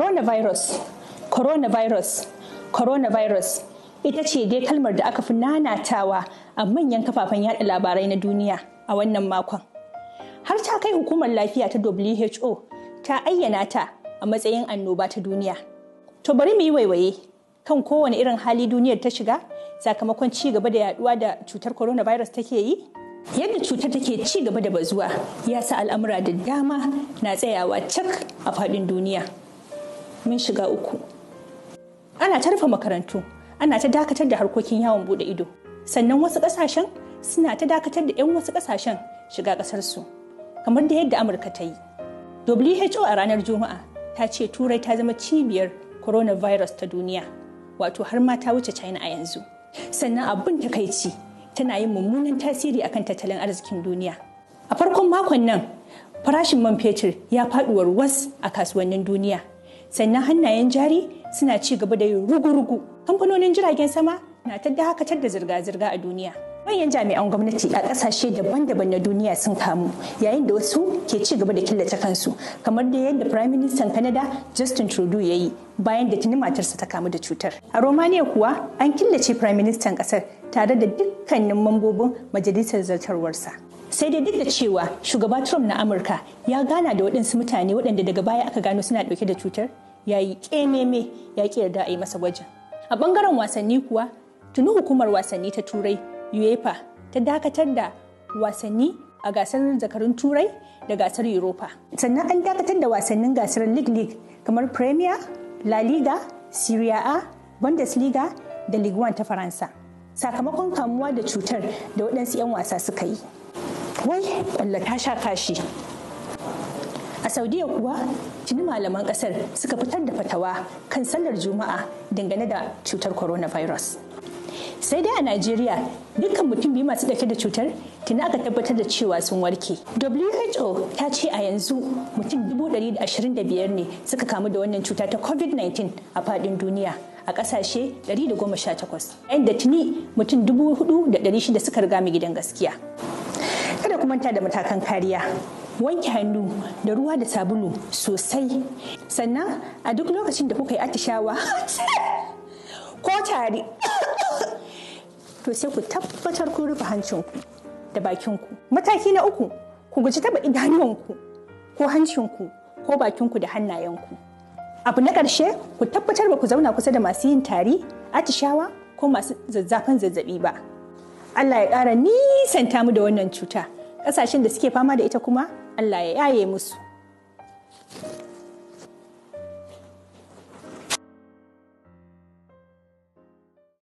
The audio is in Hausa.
coronavirus coronavirus coronavirus ita ce dai kalmar da aka fi nanatawa a manyan kafafen yaɗa labarai na duniya a wannan makon har ta kai hukumar lafiya ta who ta ayyana ta a matsayin annoba ta duniya to bari mu yi waiwaye kan kowane irin hali duniyar ta shiga sakamakon ci gaba da yaduwa da cutar coronavirus take yi yadda cutar take ci gaba da bazuwa ya sa al'amura da dama na tsayawa cak a faɗin duniya mun shiga uku ana ta rufe makarantu ana ta dakatar da harkokin yawon bude ido sannan wasu kasashen suna ta dakatar da 'yan wasu kasashen shiga kasarsu kamar da yadda amurka ta yi who a ranar juma'a ta ce turai ta zama cibiyar coronavirus ta duniya wato har ma ta wuce china a yanzu sannan abin takaici tana yin mummunan tasiri akan tattalin arzikin duniya a farkon makon nan farashin man fetur ya faɗuwar was a kasuwannin duniya sannan hannayen jari suna ci gaba da yin rugu-rugu kamfanonin jiragen sama na ta dakatar da zirga-zirga a duniya manyan jami'an gwamnati a ƙasashe daban-daban na duniya sun kamu yayin da wasu ke ci gaba da killace kansu kamar da yadda prime minister canada justin trudeau ya yi bayan da tuni matarsa ta kamu da cutar a romania kuwa an killace prime minister kasar tare da dukkanin mambobin majalisar zartarwarsa sai dai duk da cewa shugaba trump na amurka ya gana da waɗansu mutane waɗanda daga baya aka gano suna ɗauke da cutar ya yi ƙememe ya ƙi yarda a yi masa gwajin a ɓangaren wasanni kuwa tuni hukumar wasanni ta turai uefa ta dakatar da wasanni a gasar zakarun turai da gasar europa sannan an dakatar da wasannin gasar league league kamar premier la liga serie a bundesliga da ligue 1 ta faransa sakamakon kamuwa da cutar da waɗansu 'yan wasa suka yi wai ƙwallo ta sha kashi a saudiya kuwa tuni malaman kasar suka fitar da fatawa kan sallar juma'a dangane da cutar coronavirus sai dai a najeriya dukkan mutum biyu masu dauke da cutar tuni aka tabbatar da cewa sun warke who ta ce a yanzu mutum 125 ne suka kamu da wannan cuta ta covid-19 a fadin duniya a kasashe 118 yayin da tuni mutum 4,600 suka riga mu gidan gaskiya kada ku manta da matakan kariya wanke hannu da ruwa da sabulu sosai sannan a duk lokacin da kuka yi atishawa ko tare, to sai ku tabbatar kun rufe hancinku da bakinku mataki na uku ku guji taba idanuwanku ko hancinku ko bakinku da hannayenku abu na ƙarshe ku tabbatar ba ku zauna kusa da masu yin tari atishawa ko masu zazzafan zazzabi ba Allah ya ƙara nisan mu da wannan cuta ƙasashen da suke fama da ita kuma Allah ya yaye musu